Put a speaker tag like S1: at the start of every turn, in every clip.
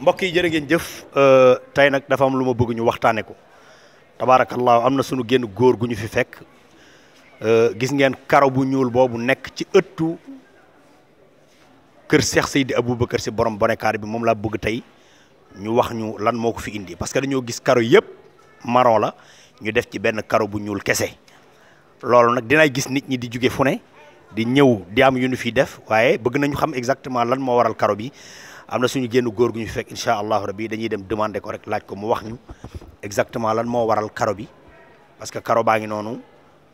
S1: mbokk yi jërë ngeen jëf euh, tey nag dafa am lu ma bëgg ñu waxtaane ko tabaarakallaahu am na sunu génn góor gu ñu fi fekk euh, gis ngeen karo bu ñuul boobu nekk ci ëttu kër Cheikh Seydi Aboubacar si borom bonekaar bi moom laa bëgg tey ñu wax ñu lan moo ko fi indi parce que dañoo gis karo yëpp maron la ñu def ci benn karo bu ñuul kese loolu nag dinaay gis nit ñi di jóge fu ne di ñëw di am yu ñu fiy def waaye bëgg nañu xam exactement lan moo waral karo bi am na suñu génn góor gu ñu fekk incha allahu rabi dañuy dem demander ko rek laaj ko mu wax ñu exactement lan moo waral karo bi parce que karo baa ngi noonu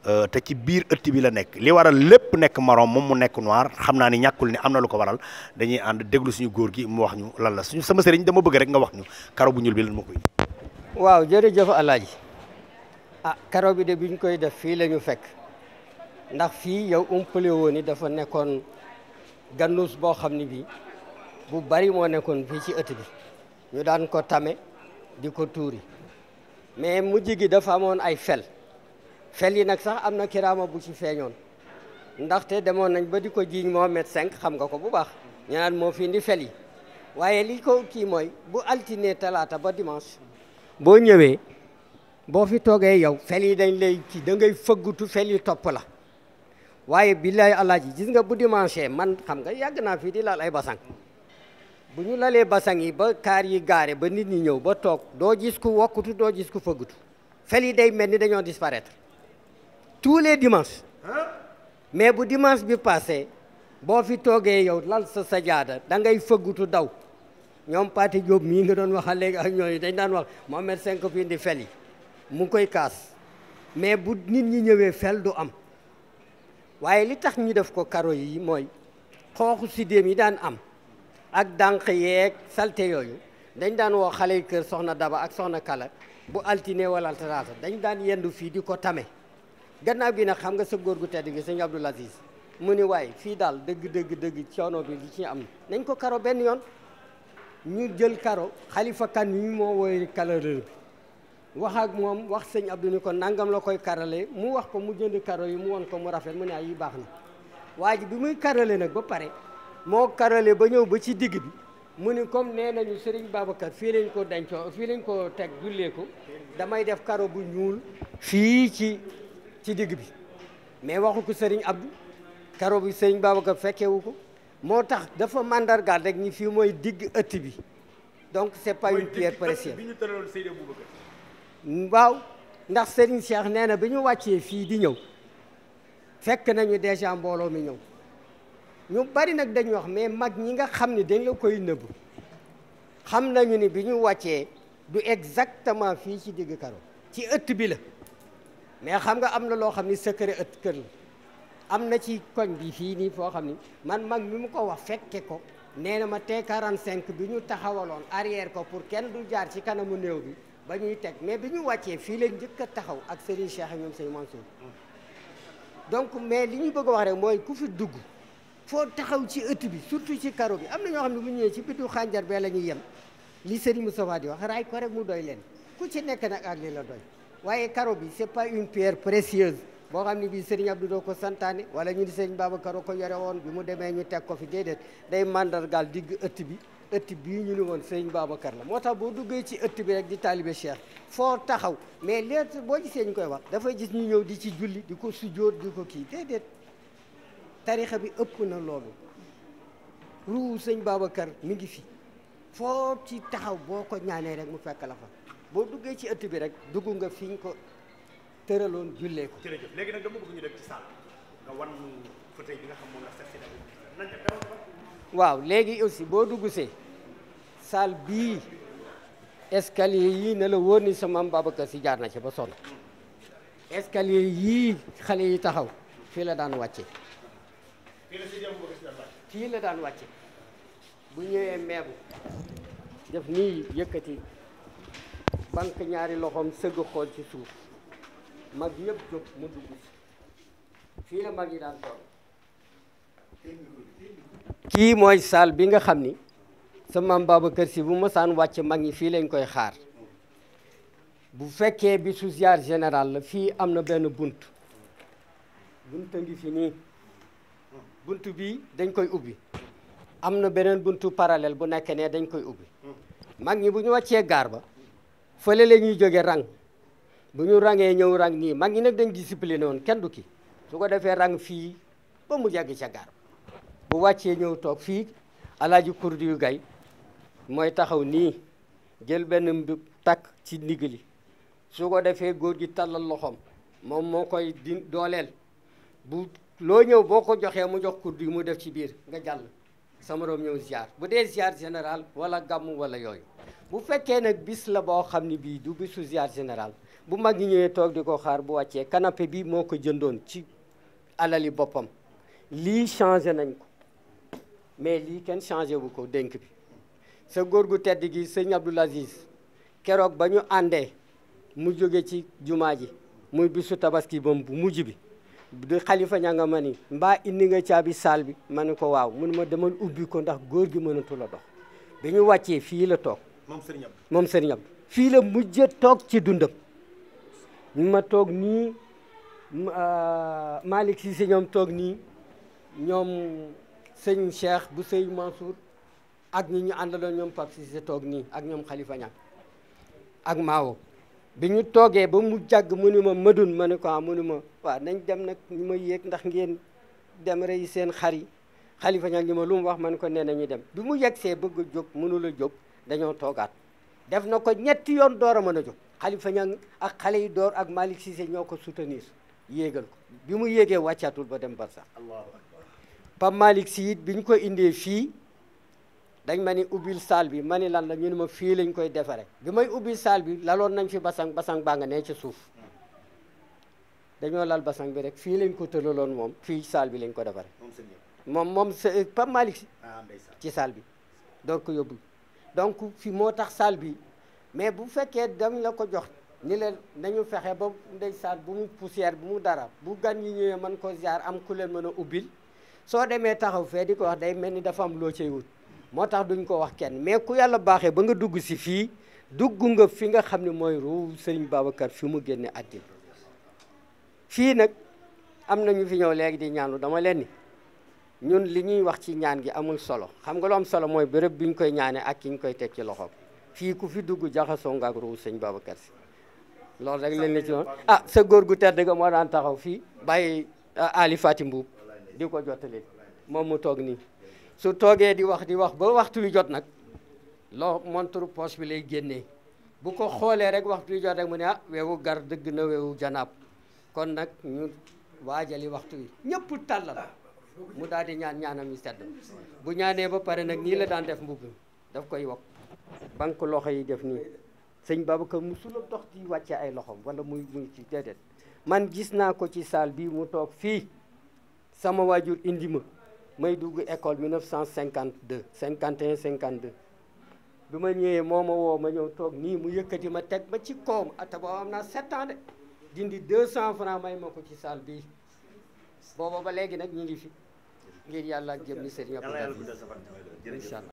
S1: euh, te ci biir ëtt bi la nekk li waral lépp nekk marron moom mu nekk noir xam naa ni ñàkkul ni am na lu ko waral dañuy ànd déglu suñu góor gi mu wax ñu lan la suñu sama sëriñ dama bëgg rek nga wax ñu karo bu ñuul bi lan moo koy. waaw jërëjëf alaaji ah karo bi de bi ñu koy def fii la ñu fekk ndax fii yow umpale dafa nekkoon gannus boo xam ni bii. bu bari moo nekkoon fii ci ëtt bi ñu daan ko tame di ko tuuri mais mu gi dafa amoon ay fel fel yi nag sax am na kiraama bu ci feeñoon ndaxte demoon nañ ba di ko jiiñ Mohamed cinq xam nga ko bu baax ñaan moo fi indi fel yi waaye li ko kii mooy bu altine talaata ba dimanche boo ñëwee boo fi toogee yow fel yi dañ lay kii da ngay fëggutu fel topp la waaye billaay alaaji gis nga bu dimanche man xam nga yàgg naa fii di laal ay basang bu ñu lalee basang yi ba kaar yi gaare ba nit ñi ñëw ba toog doo gis ku wokkutu doo gis ku fëggutu fel yi day mel ni dañoo disparaître tous les dimanches mais bu dimanche bi passé boo fi toogee yow lal sa sajaada da ngay fëggutu daw ñoom Pathé Diop mii nga doon waxal léegi ak ñooñu dañ daan wax Mohamed Senk fi indi fel yi mu ngi koy kaas mais bu nit ñi ñëwee fel du am waaye li tax ñu def ko karo yi mooy xooxu sidéem yi daan am ak dànq yeek salte yooyu dañ daan woo xale yi kër soxna Daba ak soxna Kala bu altine wala talaata dañ daan yendu fii di ko tame gannaaw gi nag xam nga sa góor gu tedd gi sëñ Abdoul Aziz mu ni waay fii daal dëgg dëgg dëgg coono bi li ci am nañ ko karo benn yoon ñu jël karo xalifa kan yi moo woy kalarër bi wax ak moom wax sëñ Abdou ni ko nangam la koy karale mu wax ko mu jënd karo yi mu won ko mu rafet mu ne ay yi baax na waa ji bi muy karale moo karale ba ñëw ba ci digg bi mu ni comme nee nañu Serigne Babacar fii lañ ko dencoo fii lañ ko teg jullee ko damay def karo bu ñuul fii ci ci digg bi mais waxu ko Serigne Abdou karo bi Serigne Babacar fekkewu ko moo tax dafa mandargaal rek ñi fii mooy digg ëtt bi donc c'est pas une pierre précieuse waaw ndax Serigne Cheikh nee na bi ñu wàccee fii di ñëw fekk ñu déjà mbooloo mi ñëw ñu bari nag dañu wax mais mag ñi nga xam ne dañ la koy nëbbu xam nañu ni bi ñu wàccee du exactement fii ci digg karo ci ëtt bi la mais xam nga am na loo xam ni secret ëtt kër la am na ci koñ bi fii nii foo xam ni man mag mi mu ko wax fekke ko nee na ma T45 bi ñu taxawaloon arrière ko pour kenn du jaar ci kanamu néew bi ba ñuy teg mais bi ñu wàccee fii la njëkk a taxaw ak Serigne Cheikh ak ñoom Serigne Mansour donc mais li ñu bëgg a wax rek mooy ku fi dugg foo taxaw ci ëtt bi surtout ci karo bi am na ñoo xam ne bu ñëwee ci bitu xànjar bee la ñuy yem li Serigne Moustapha di wax raay ko rek mu doy leen ku ci nekke nag ak li la doy waaye karo bi c'est pas une pierre précieuse boo xam ne bii Serigne Abdou doo ko santane wala ñu di Serigne karo ko yore woon bi mu demee ñu teg ko fi déedéet day mandargaal digg ëtt bi ëtt bii ñu ni woon Serigne Babacar la moo tax boo duggee ci ëtt bi rek di talibe Cheikh foo taxaw mais leet boo gisee koy wax dafay gis ñu ñëw di ci julli di ko sujjóot ko kii déedéet tarixa bi ëpp na loolu ruu sëñ Babacar mi ngi fi foo ci taxaw boo ko ñaanee rek mu fekk la fa boo duggee ci ëtt bi rek dugg nga fi ñu ko tëraloon jullee ko. jërëjëf léegi waaw léegi aussi boo dugg see salle bii escalier yii ne la wóor ni sa maam si jaar na ci ba sonn escalier yii xale yi taxaw fii la daan wàcce kii la daan wàcce bu ñëwee meebu def nii yëkkati banque ñaari loxoom sëgg xool ci suuf mag yëpp jóg mu dugg fii la mag yi daan toog kii mooy saal bi nga xam ni sa maam Babacar Si bu mosaan wàcc mag ñi fii lañ koy xaar bu fekkee bi su ziar général la fii am na benn bunt bunt ngi fi nii buntu bii dañ koy ubbi am na beneen buntu parallèle bu nekkee ne dañ koy ubbi mag ñi bu ñu wàccee gaar ba fële la ñuy jóge rang bu ñu rangee ñëw rang nii mag ñi nag dañ discipliné woon kenn du ki su ko defee rang fii ba mu jàgg ca gaar ba bu wàccee ñëw toog fii alaaji kurdu yu gay mooy taxaw nii jël benn mbub takk ci ndigali su ko defee góor gi tàllal loxoom moom moo koy di dooleel bu loo ñëw boo ko joxee mu jox kurdu yi mu def ci biir nga jàll sama moroom ñëw ziar bu dee ziar général wala gàmmu wala yooyu bu fekkee nag bis la boo xam ni bii du bisu ziar général bu mag ñi ñëwee toog di ko xaar bu wàccee kanape bi moo ko jëndoon ci alal yi boppam lii changé nañ ko mais lii kenn changé bu ko dénk bi sa góor gu tedd gi sëñ Abdoul Aziz keroog ba ñu àndee mu jóge ci jumaa ji muy bisu tabaski bam bu mujj bi du xalifa ña nga ma ni mbaa indi nga caabi saal bi ma ne ko waaw mun ma demal ubbi ko ndax góor gi mënatu la dox bi ñu wàccee fii la toog moom sëriñam moom sëriñam fii la mujj toog ci dundam ma toog nii ah, Malick Cissé ñoom toog nii ñoom sëñ Cheikh bu sëñ Mansour ak ñi ñu àndaloon ñoom Pape Cissé toog nii ak ñoom Khalifa Niang ak Mawo bi ñu toogee ba mu jàgg mu ni ma madun ma ni ko ah, mu ni ma waaw nañ dem nag ñu ma yéeg ndax ngeen dem rey seen xar yi xalifa ñaa ngi ma lu mu wax man ko nee nañu dem bi mu yegg see bëgg a jóg mënul a jóg dañoo toogaat def na ko ñetti yoon door a mën a jóg xalifa ñang ak xale yi door ak Malick Cissé ñoo ko soutenir yéegal ko bi mu yéegee wàccaatul ba dem barsax Allahu akbar Pape bi ñu ko indee fii dañ ma ni ubbil saal bi ma ni lan la ñun ne ma fii lañ koy defare bi may ubbil saal bi laloon nañ fi basang basang baa nga ne ci suuf dañoo lal basang bi rek fii lañ ko tëraloon moom fii saal bi lañ ko defare moom moom eh, Pape Malick si ah, ci saal bi door ko yóbbu donc fi moo tax saal bi mais bu fekkee dañ la ko jox ni leen nañu fexe ba ndeysaan bu mu poussière bu mu dara bu gan yi ñëwee man ko ziar am ku leen mën a ubbil soo demee taxaw fee di ko wax day mel ni dafa am loo cay wut moo tax duñ ko wax kenn mais ku yàlla baaxee ba nga dugg si fii dugg nga fi nga xam ne mooy ruu Serigne Babacar fi mu génne àddina fii nag am na ñu fi ñëw léegi di ñaanu dama leen ni ñun li ñuy wax ci ñaan gi amul solo xam nga loom solo mooy béréb bi ñu koy ñaanee ak ki ñu koy teg ci loxoom fii ku fi dugg jaxasoo nga ak ruu Serigne Babacar si loolu rek leen la ci woon ah sa góor gu tedd ga moo daan taxaw fii bàyyi ah, Ali Fatim Mbuub di ko jottali moom mu toog nii su toogee di wax di wax ba waxtu wi jot nag loo montre poche bi lay génne bu ko xoolee rek waxtu wi jot rek mu ne ah weewu gar dëgg na weewu janaab kon nag ñu waajali waxtu wi ñëpp tàllal mu daal di ñaan ñaanam ñu sedd bu ñaanee ba pare nag nii la daan def mbubb daf koy wokk banque loxo yi def nii sëñ Babacar musula dox di wàcce ay loxoom wala muy muy ci déedéet man gis naa ko ci saal bi mu toog fii sama waajur indi ma may dugg école cinquante 1952 51 52 bi ma ñëwee moo ma woo ma ñëw toog nii mu yëkkati ma teg ma ci koom ata booba am naa sept de dindi deux cent francs may ma ko ci salle bi booba ba léegi nag ñu ngi fi ngir yàlla ak jëm ni sëriñ Abdou Incha allah